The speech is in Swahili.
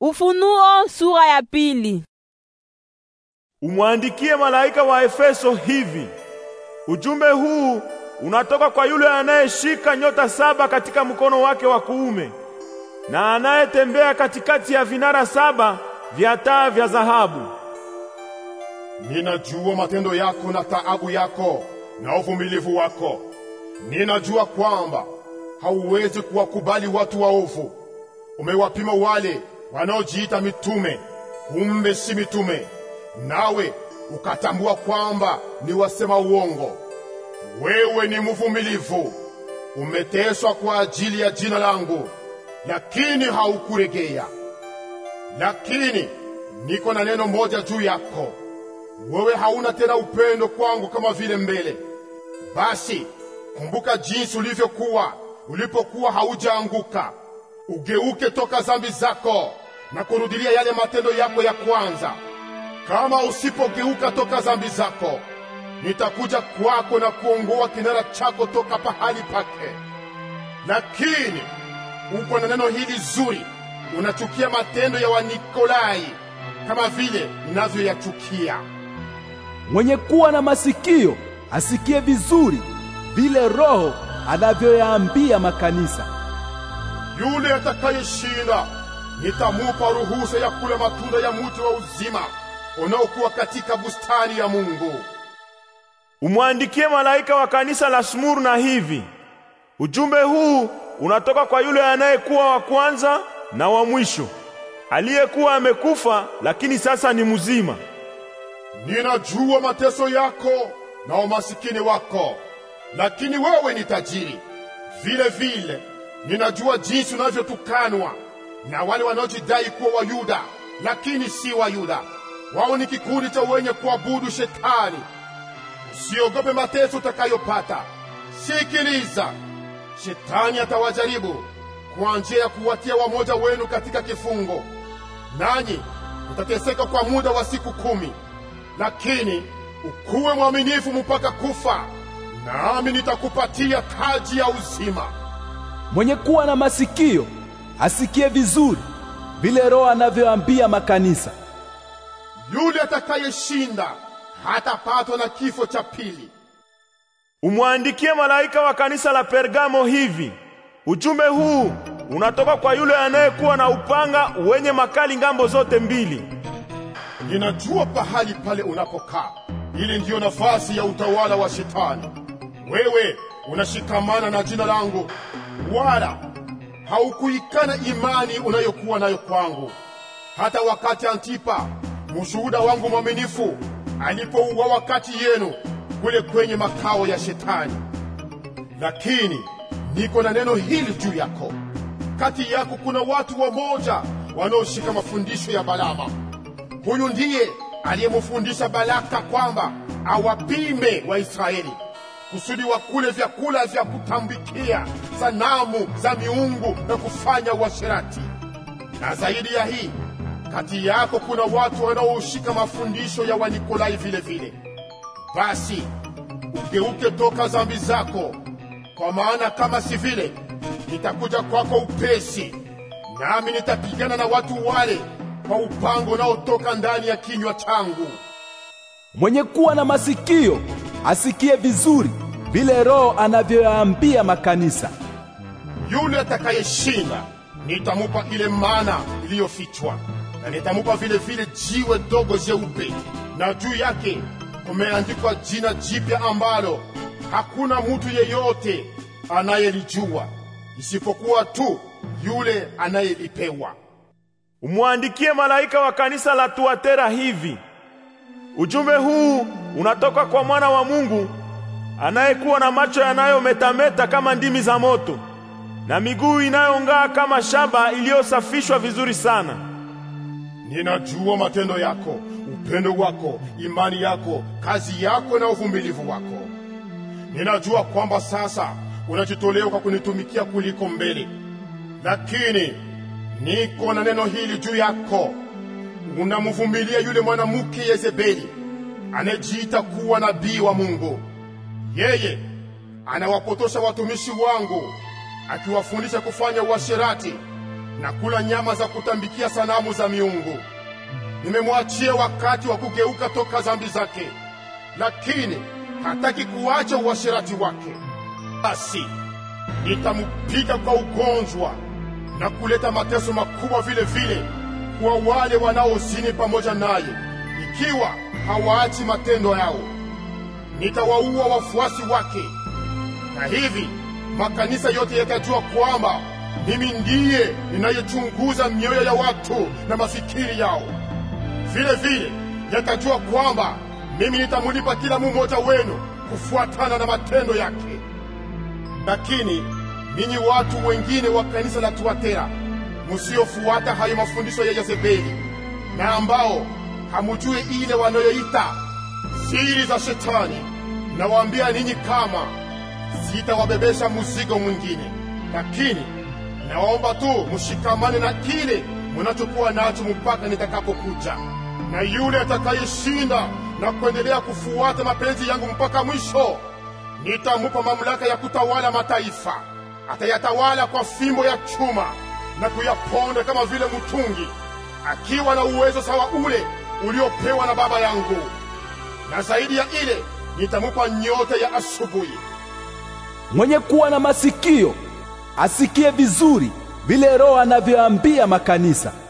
Ufunuo sura ya pili. Umwandikie malaika wa Efeso hivi: ujumbe huu unatoka kwa yule anayeshika nyota saba katika mkono wake wa kuume na anayetembea katikati ya vinara saba vya taa vya dhahabu. Ninajua matendo yako na taabu yako na uvumilivu wako. Ninajua kwamba hauwezi kuwakubali watu waovu. Umewapima wale wanaojiita mitume kumbe si mitume, nawe ukatambua kwamba ni wasema uongo. Wewe ni mvumilivu, umeteswa kwa ajili ya jina langu, lakini haukuregea. Lakini niko na neno moja juu yako, wewe hauna tena upendo kwangu kama vile mbele. Basi kumbuka jinsi ulivyokuwa ulipokuwa haujaanguka ugeuke toka zambi zako na kurudilia yale matendo yako ya kwanza. Kama usipogeuka toka zambi zako, nitakuja kwako na kuongoa kinara chako toka pahali pake. Lakini uko na neno hili zuri, unachukia matendo ya Wanikolai kama vile ninavyoyachukia. Mwenye kuwa na masikio asikie vizuri vile Roho anavyoyaambia makanisa. Yule atakayeshinda nitamupa ruhusa ya kula matunda ya mti wa uzima unaokuwa katika bustani ya Mungu. Umwandikie malaika wa kanisa la Smurna hivi: ujumbe huu unatoka kwa yule anayekuwa wa kwanza na wa mwisho, aliyekuwa amekufa lakini sasa ni mzima. Ninajua mateso yako na umasikini wako, lakini wewe ni tajiri vile vile Ninajua jinsi unavyotukanwa na wale wanaojidai kuwa Wayuda lakini si Wayuda. Wao ni kikundi cha wenye kuabudu Shetani. Usiogope mateso utakayopata. Sikiliza, Shetani atawajaribu kwa njia ya kuwatia wamoja wenu katika kifungo, nanyi mtateseka kwa muda wa siku kumi. Lakini ukuwe mwaminifu mpaka kufa, nami nitakupatia taji ya uzima. Mwenye kuwa na masikio asikie vizuri vile Roho anavyoambia makanisa. Yule atakayeshinda hatapatwa na kifo cha pili. Umwandikie malaika wa kanisa la Pergamo hivi: ujumbe huu unatoka kwa yule anayekuwa na upanga wenye makali ngambo zote mbili. Ninajua pahali pale unapokaa, ili ndiyo nafasi ya utawala wa Shetani. Wewe unashikamana na jina langu, wala haukuikana imani unayokuwa nayo kwangu, hata wakati Antipa mshuhuda wangu mwaminifu alipouawa wakati yenu kule kwenye makao ya Shetani. Lakini niko na neno hili juu yako, kati yako kuna watu wamoja wanaoshika mafundisho ya Balama. Huyu ndiye aliyemfundisha Balaka kwamba awapime Waisraeli kusudi wa kule vyakula vya kutambikia sanamu za miungu na kufanya uasherati. Na zaidi ya hii, kati yako kuna watu wanaoshika mafundisho ya Wanikolai vile vile. Basi ugeuke toka zambi zako, kwa maana kama si vile nitakuja kwako upesi, nami nitapigana na watu wale kwa upango unaotoka ndani ya kinywa changu. Mwenye kuwa na masikio asikie vizuri vile Roho anavyoyaambia makanisa. Yule atakayeshinda nitamupa ile mana iliyofichwa, na nitamupa vile vile jiwe dogo jeupe, na juu yake kumeandikwa jina jipya ambalo hakuna mutu yeyote anayelijua isipokuwa tu yule anayelipewa. Umwandikie malaika wa kanisa la Tuatera hivi: Ujumbe huu unatoka kwa mwana wa Mungu anayekuwa na macho yanayometameta kama ndimi za moto na miguu inayong'aa kama shaba iliyosafishwa vizuri sana. Ninajua matendo yako, upendo wako, imani yako, kazi yako na uvumilivu wako. Ninajua kwamba sasa unajitolea kwa kunitumikia kuliko mbele, lakini niko na neno hili juu yako munamuvumilia yule mwanamke Yezebeli anayejiita kuwa nabii wa Mungu. Yeye anawapotosha watumishi wangu akiwafundisha kufanya uasherati na kula nyama za kutambikia sanamu za miungu. Nimemwachia wakati wa kugeuka toka zambi zake, lakini hataki kuacha uasherati wake. Basi nitamupiga kwa ugonjwa na kuleta mateso makubwa vile vile kwa wale wanaozini pamoja naye, ikiwa hawaachi matendo yao. Nitawaua wafuasi wake, na hivi makanisa yote yatajua kwamba mimi ndiye ninayechunguza mioyo ya watu na mafikiri yao. Vile vile yatajua kwamba mimi nitamulipa kila mumoja wenu kufuatana na matendo yake. Lakini ninyi watu wengine wa kanisa la Tuatera musiyofuata hayo mafundisho ya Yezebeli na ambao hamujui ile wanayoita siri za shetani. Nawaambia ninyi kama sitawabebesha mzigo mwingine, lakini naomba tu mushikamane na kile munachokuwa nacho mpaka nitakapokuja. Na yule atakayeshinda na kuendelea kufuata mapenzi yangu mpaka mwisho, nitamupa mamlaka ya kutawala mataifa, atayatawala kwa fimbo ya chuma na kuyaponda kama vile mtungi, akiwa na uwezo sawa ule uliopewa na Baba yangu, na zaidi ya ile nitamupa nyote ya asubuhi. Mwenye kuwa na masikio asikie vizuri vile Roho anavyoambia makanisa.